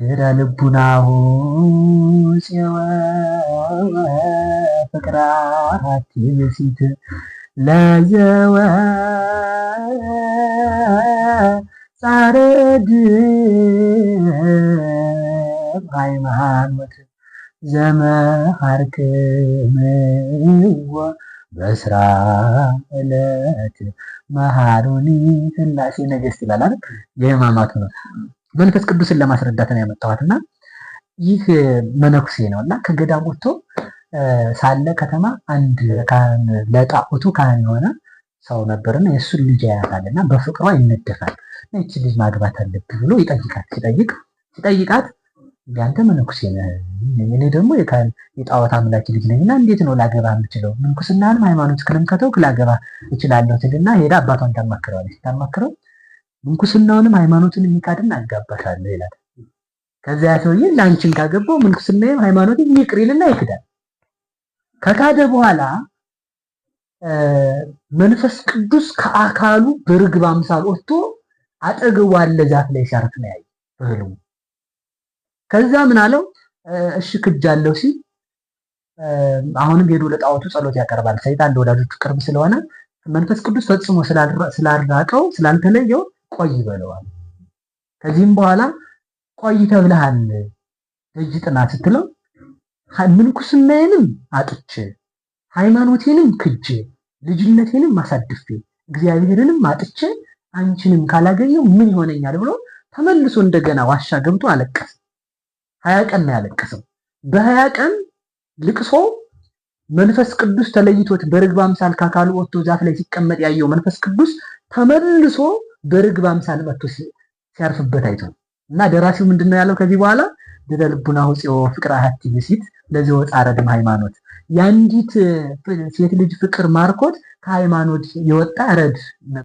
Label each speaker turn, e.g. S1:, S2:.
S1: ገዳ ልቡናሁ ፄወ ለዘወ ጻረድ ሃይማኖት ዘመሃርክምዎ በስራ ዕለት መሃሩኒ ስላሴ ነገስት ይላል የህማማቱ ነው። መንፈስ ቅዱስን ለማስረዳት ነው ያመጣኋት እና ይህ መነኩሴ ነው እና ከገዳም ወጥቶ ሳለ ከተማ አንድ ካህን ለጣዖቱ ካህን የሆነ ሰው ነበርና የእሱን ልጅ ያያታል እና በፍቅሯ ይነደፋል። ይቺ ልጅ ማግባት አለብህ ብሎ ይጠይቃት ሲጠይቅ ሲጠይቃት ያንተ መነኩሴ ነህ፣ እኔ ደግሞ የጣዖት አምላኪ ልጅ ነኝ እና እንዴት ነው ላገባ የምችለው? ምንኩስናንም ሃይማኖት ክልምከተው ላገባ እችላለሁ ትልና ሄዳ አባቷን ታማክረዋለች። ታማክረው ምንኩስናውንም ሃይማኖትን የሚቃድን አጋባሻለሁ ይላል። ከዚያ ሰውዬ ለአንቺን ካገባው ምንኩስናም ሃይማኖትን ይቅር ይልና ይክዳል። ከካደ በኋላ መንፈስ ቅዱስ ከአካሉ በርግብ አምሳል ወጥቶ አጠገቡ አለ ዛፍ ላይ ሲያርፍ ነው ያየ በህልሙ። ከዛ ምን አለው? እሺ ክጃለሁ ሲል አሁንም ሄዶ ለጣዖቱ ጸሎት ያቀርባል። ሰይጣን ለወዳጆቹ ቅርብ ስለሆነ መንፈስ ቅዱስ ፈጽሞ ስላልራቀው ስላልተለየው ቆይ በለዋል ከዚህም በኋላ ቆይ ተብለሃል ደጅ ጥና ስትለው ምንኩስናዬንም አጥቼ ሃይማኖቴንም ክጄ ልጅነቴንም አሳድፌ እግዚአብሔርንም አጥቼ አንቺንም ካላገኘው ምን ይሆነኛል ብሎ ተመልሶ እንደገና ዋሻ ገብቶ አለቀሰ። ሀያ ቀን ነው ያለቀሰው። በሀያ ቀን ልቅሶ መንፈስ ቅዱስ ተለይቶት በርግብ አምሳል ከአካሉ ወጥቶ ዛፍ ላይ ሲቀመጥ ያየው መንፈስ ቅዱስ ተመልሶ በርግብ አምሳል መጥቶ ሲያርፍበት አይቶ እና ደራሲው ምንድን ነው ያለው? ከዚህ በኋላ ድረ ልቡናሁ ጽዮ ፍቅር አሐቲ ብእሲት ወጣ ረድም ሃይማኖት፣ የአንዲት ሴት ልጅ ፍቅር ማርኮት ከሃይማኖት የወጣ ረድ